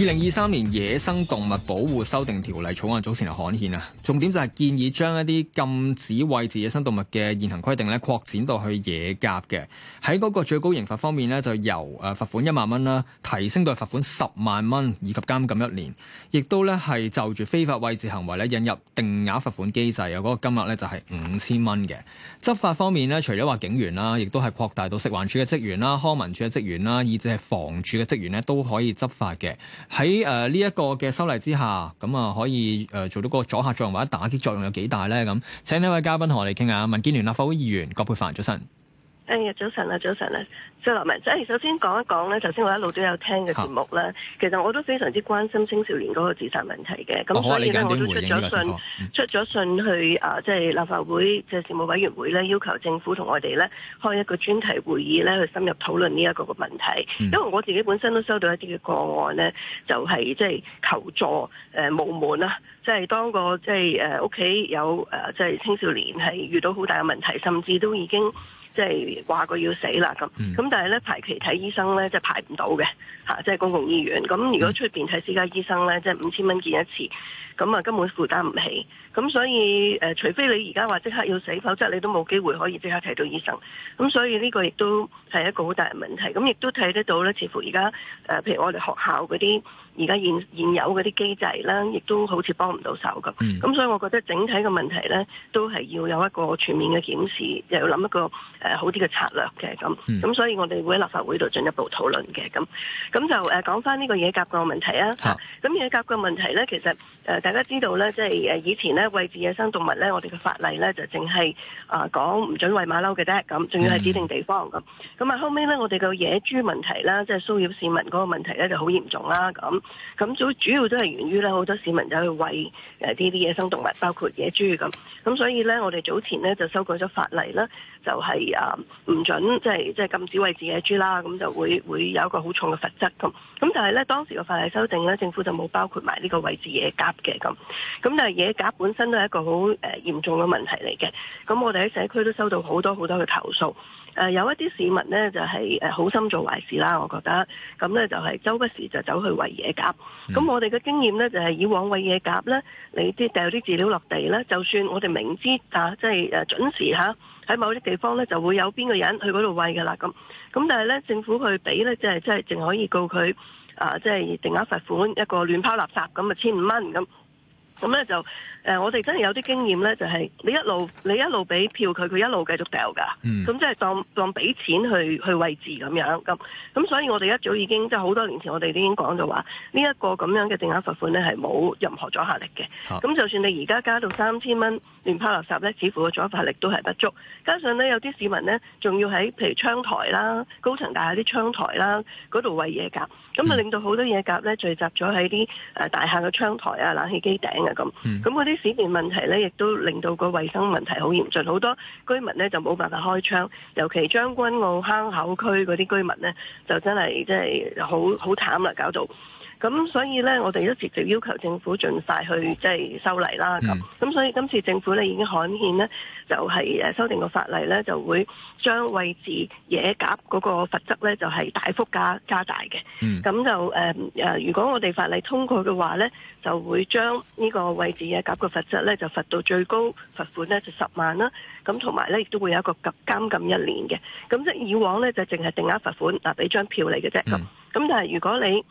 二零二三年野生動物保護修訂條例草案早前就刊憲喇，重點就係建議將一啲禁止餵飼野生動物嘅現行規定咧擴展到去野鴿嘅。喺嗰個最高刑罰方面咧，就由誒罰款一萬蚊啦，提升到罰款十萬蚊以及監禁一年。亦都咧係就住非法餵飼行為咧引入定額罰款機制，有嗰個金額咧就係五千蚊嘅。執法方面咧，除咗話警員啦，亦都係擴大到食環署嘅職員啦、康文署嘅職員啦，以至係房署嘅職員咧都可以執法嘅。喺誒呢一個嘅修例之下，咁啊可以誒做到個阻嚇作用或者打擊作用有幾大咧？咁請呢位嘉賓同我哋傾下，民建聯立法會議員葛珮帆，早晨。誒早晨啊，早晨啊，謝劉明。誒、哎，首先講一講咧，頭先我一路都有聽嘅節目啦，啊、其實我都非常之關心青少年嗰個自殺問題嘅。咁所以我都出咗信，嗯、出咗信去啊，即、就、係、是、立法會嘅、就是、事務委員會咧，要求政府同我哋咧開一個專題會議咧，去深入討論呢一個嘅問題。嗯、因為我自己本身都收到一啲嘅個案咧，就係即係求助誒、呃、無門啦、啊，即、就、係、是、當個即係誒屋企有誒即係青少年係遇到好大嘅問題，甚至都已經。即係話過要死啦咁，咁、嗯、但係咧排期睇醫生咧，即係排唔到嘅嚇，即係公共醫院。咁如果出邊睇私家醫生咧，嗯、即係五千蚊見一次，咁啊根本負擔唔起。咁所以誒、呃，除非你而家話即刻要死，否則你都冇機會可以即刻睇到醫生。咁所以呢個亦都係一個好大嘅問題。咁亦都睇得到咧，似乎而家誒，譬如我哋學校嗰啲而家現現，現有嗰啲機制啦，亦都好似幫唔到手咁。咁、嗯嗯、所以我覺得整體嘅問題咧，都係要有一個全面嘅檢視，又要諗一個。誒好啲嘅策略嘅咁，咁、嗯、所以我哋會喺立法會度進一步討論嘅咁，咁就誒講返呢個野鴿個問題啊。咁、啊、野鴿個問題咧，其實誒、呃、大家知道咧，即係誒以前咧餵飼野生動物咧，我哋嘅法例咧就淨係啊講唔准餵馬騮嘅啫，咁仲要係指定地方咁。咁啊、嗯、後尾咧，我哋嘅野豬問題啦，即係騷擾市民嗰個問題咧就好嚴重啦、啊。咁咁主主要都係源於咧好多市民走去餵誒呢啲野生動物，包括野豬咁。咁所以咧，我哋早前咧就修改咗法例啦，就係、是。啊，唔准即係即係禁止餵飼野豬啦，咁、啊、就會會有一個好重嘅罰則咁。咁、啊、但係咧當時個法例修訂咧，政府就冇包括埋呢個餵飼野鴿嘅咁。咁、啊、但係野鴿本身都係一個好誒、呃、嚴重嘅問題嚟嘅。咁、啊、我哋喺社區都收到好多好多嘅投訴。誒、呃、有一啲市民呢，就係、是、誒、呃、好心做壞事啦。我覺得咁呢、嗯，就係、是、周不時就走去餵野鴿。咁我哋嘅經驗呢，就係、是、以往餵野鴿呢，你啲掉啲飼料落地呢，就算我哋明知嚇，即係誒準時喺、啊、某啲地方呢，就會有邊個人去嗰度餵噶啦。咁咁，但係呢，政府佢俾呢，即係即係淨可以告佢啊，即、就、係、是、定額罰款一個亂拋垃圾咁啊，千五蚊咁。咁咧就誒、呃，我哋真係有啲經驗咧，就係、是、你一路你一路俾票佢，佢一路繼續掉噶。咁、嗯嗯、即係當當俾錢去去餵鳥咁樣。咁咁，所以我哋一早已經即係好多年前，我哋已經講咗話，呢一個咁樣嘅定額罰款咧，係冇任何阻嚇力嘅。咁、啊、就算你而家加到三千蚊亂拋垃圾咧，似乎個阻嚇力都係不足。加上咧，有啲市民咧，仲要喺譬如窗台啦、高層大廈啲窗台啦嗰度喂野鴿，咁啊令到好多野鴿咧聚集咗喺啲誒大廈嘅窗台啊、冷氣機頂。 咁，咁嗰啲市面問題咧，亦都令到個衛生問題好嚴峻，好多居民咧就冇辦法開窗，尤其將軍澳坑口區嗰啲居民咧，就真係真係好好慘啦，搞 到。 咁所以咧，我哋都直接要求政府盡快去即係修例啦。咁咁、嗯、所以今次政府咧已經刊憲咧，就係誒修訂個法例咧，就會將餵飼野鴿嗰個罰則咧，就係、是、大幅加加大嘅。咁、嗯、就誒誒、呃，如果我哋法例通過嘅話咧，就會將呢個餵飼野鴿個罰則咧，就罰到最高罰款咧就十萬啦。咁同埋咧亦都會有一個監禁一年嘅。咁即係以往咧就淨係定額罰款，嗱俾張票嚟嘅啫。咁咁但係如果你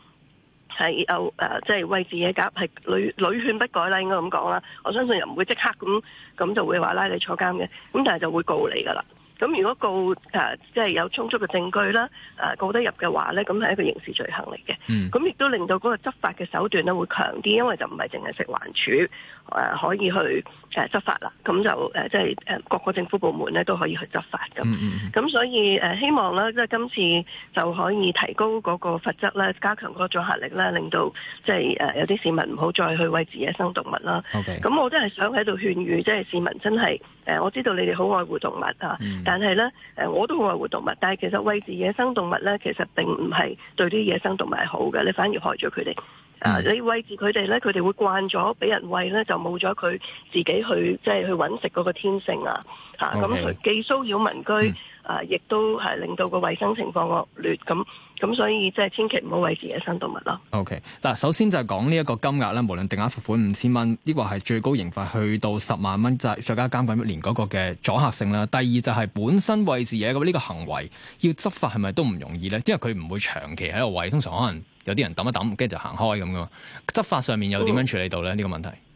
係又誒，即係為自己狡，係屢屢勸不改啦，應該咁講啦。我相信又唔會即刻咁咁就會話拉你坐監嘅，咁但係就會告你噶啦。咁如果告誒即係有充足嘅證據啦，誒告得入嘅話咧，咁係一個刑事罪行嚟嘅。咁亦、嗯、都令到嗰個執法嘅手段咧會強啲，因為就唔係淨係食環署誒，可以去誒執法啦。咁就誒即係誒各個政府部門咧都可以去執法咁。咁、嗯嗯、所以誒希望咧，即係今次就可以提高嗰個罰則咧，加強嗰個阻嚇力啦，令到即係誒有啲市民唔好再去餵飼野生動物啦。咁 okay. 我真係想喺度勸喻，即、就、係、是、市民真係誒，我知道你哋好愛護動物啊。嗯。但係咧，誒我都好愛護動物，但係其實餵飼野生動物咧，其實並唔係對啲野生動物係好嘅，你反而害咗佢哋。誒、嗯啊，你餵飼佢哋咧，佢哋會慣咗俾人餵咧，就冇咗佢自己去即係去搵食嗰個天性啊！嚇、啊，咁 Okay.、啊、佢既騷擾民居。嗯啊，亦都係令到個衞生情況惡劣咁，咁所以即係千祈唔好餵自己生動物餵飼野生動物咯。O K，嗱，首先就係講呢一個金額啦，無論定額罰款五千蚊，抑或係最高刑罰去到十萬蚊，即係再加監禁一年嗰個嘅阻嚇性啦。第二就係本身餵飼咁呢個行為，要執法係咪都唔容易咧？因為佢唔會長期喺度餵，通常可能有啲人揼一揼，跟住就行開咁噶嘛。執法上面又點樣處理到咧？呢個問題？Hmm.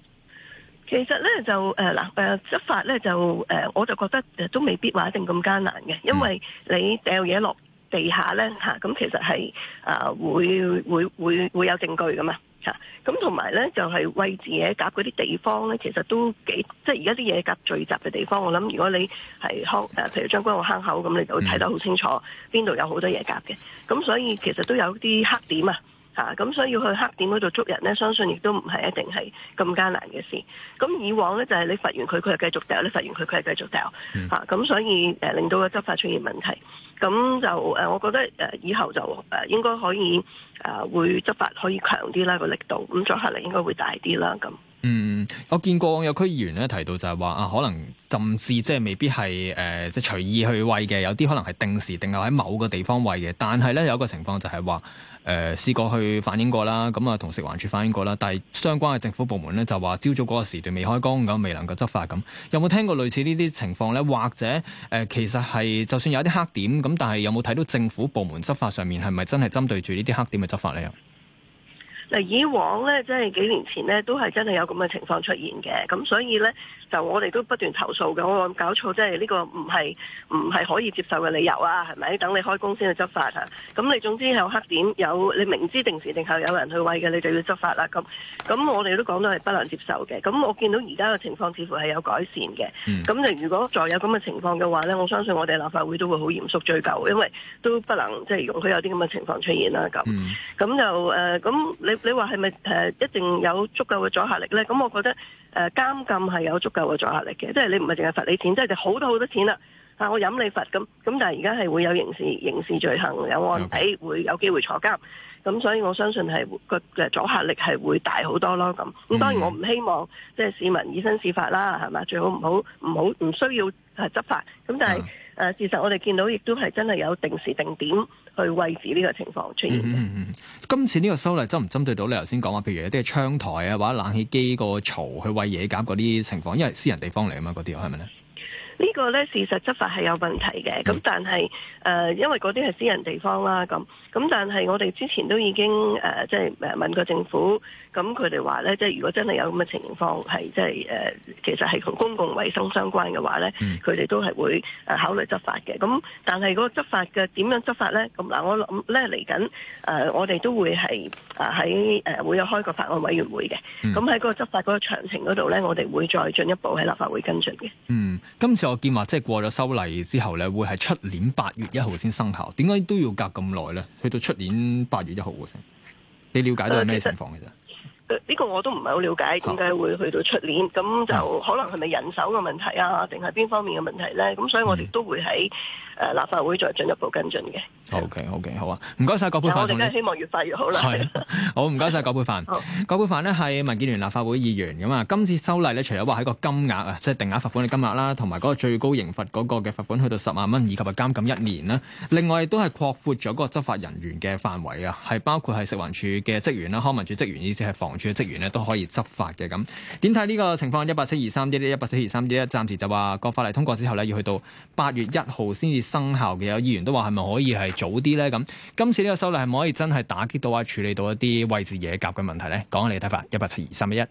其實咧就誒嗱誒執法咧就誒、呃、我就覺得誒都未必話一定咁艱難嘅，因為你掉嘢落地下咧嚇，咁、啊、其實係啊會會會會有證據噶嘛嚇，咁同埋咧就係、是、餵野鴿嗰啲地方咧，其實都幾即係而家啲野鴿聚集嘅地方，我諗如果你係康誒、呃、譬如將軍澳坑口咁，你就會睇得好清楚邊度有好多野鴿嘅，咁、啊、所以其實都有啲黑點啊。嚇咁、啊嗯、所以要去黑點嗰度捉人咧，相信亦都唔係一定係咁艱難嘅事。咁以往咧就係你罰完佢，佢係繼續掉；你罰完佢，佢係繼續掉。嚇咁所以誒、呃、令到個執法出現問題。咁、嗯、就誒、呃，我覺得誒、呃、以後就誒、呃、應該可以誒、呃、會執法可以強啲啦個力度，咁阻嚇力應該會大啲啦咁。嗯嗯，我見過有區議員咧提到就係話啊，可能甚至即係未必係誒、呃、即係隨意去餵嘅，有啲可能係定時定候喺某個地方餵嘅。但係咧有個情況就係話誒、試過去反映過啦，咁啊同食環署反映過啦，但係相關嘅政府部門咧就話朝早嗰個時段未開工咁，未能夠執法咁。有冇聽過類似呢啲情況咧？或者誒、呃、其實係就算有啲黑點咁，但係有冇睇到政府部門執法上面係咪真係針對住呢啲黑點嘅執法咧？以往咧，即係幾年前咧，都係真係有咁嘅情況出現嘅。咁所以咧，就我哋都不斷投訴嘅。我話搞錯即係呢個唔係唔係可以接受嘅理由啊？係咪？等你開工先去執法啊？咁你總之有黑點，有你明知定時定候有人去餵嘅，你就要執法啦。咁咁我哋都講到係不能接受嘅。咁我見到而家嘅情況似乎係有改善嘅。咁、mm. 就如果再有咁嘅情況嘅話咧，我相信我哋立法會都會好嚴肅追究，因為都不能即係容許有啲咁嘅情況出現啦。咁咁、mm. 就誒咁、呃、你。你話係咪誒一定有足夠嘅阻嚇力咧？咁、嗯、我覺得誒、呃、監禁係有足夠嘅阻嚇力嘅，即係你唔係淨係罰你錢，即係就好多好多錢啦。啊，我飲你罰咁咁，但係而家係會有刑事刑事罪行，有案底 Okay. 會有機會坐監。咁所以我相信係個誒阻嚇力係會大好多咯。咁咁當然我唔希望、嗯、即係市民以身試法啦，係咪？最好唔好唔好唔需要誒執法。咁但係。嗯誒、啊、事實我哋見到亦都係真係有定時定點去餵飼呢個情況出現，嗯，嗯，嗯，今次呢個修例針唔針對到你頭先講話，譬如一啲係窗台啊，或者冷氣機個槽去餵野鴿嗰啲情況，因為私人地方嚟啊嘛，嗰啲係咪咧？是呢個咧事實執法係有問題嘅，咁、嗯、但係誒、呃，因為嗰啲係私人地方啦，咁咁但係我哋之前都已經誒，即係誒問過政府，咁佢哋話咧，即係如果真係有咁嘅情況，係即係誒，其實係同公共衞生相關嘅話咧，佢哋、嗯、都係會誒、呃、考慮執法嘅。咁但係嗰個執法嘅點樣執法咧？咁嗱，我諗咧嚟緊誒，我哋都會係誒喺誒會有開個法案委員會嘅。咁喺嗰個執法嗰個詳情嗰度咧，我哋會再進一步喺立法會跟進嘅。嗯。今次我見話即係過咗修例之後咧，會係出年八月一號先生效。點解都要隔咁耐咧？去到出年八月一號嘅先，你了解到係咩情況嘅啫？呢個我都唔係好了解點解會去到出年咁，就可能係咪人手嘅問題啊，定係邊方面嘅問題咧？咁所以我哋都會喺誒立法會再進一步跟進嘅。OK，OK、okay, okay, 好啊！唔該晒。葛珮帆有你我哋都希望越快越好啦。係。好唔該晒。謝謝葛珮帆。 好葛珮帆呢係民建聯立法會議員咁啊。今次修例咧，除咗話喺個金額啊，即、就、係、是、定額罰款嘅金額啦，同埋嗰個最高刑罰嗰個嘅罰款去到十萬蚊以及係監禁一年啦。另外亦都係擴闊咗嗰個執法人員嘅範圍啊，係包括係食環署嘅職員啦、康文署職員，以至係防房署嘅職員咧都可以執法嘅咁，點睇呢個情況？一八七二三一一八七二三一一，暫時就話個法例通過之後咧，要去到八月一號先至生效嘅。有議員都話係咪可以係早啲咧？咁今次呢個修例係咪可以真係打擊到啊，處理到一啲位置野鴿嘅問題咧？講下你嘅睇法，一八七二三一。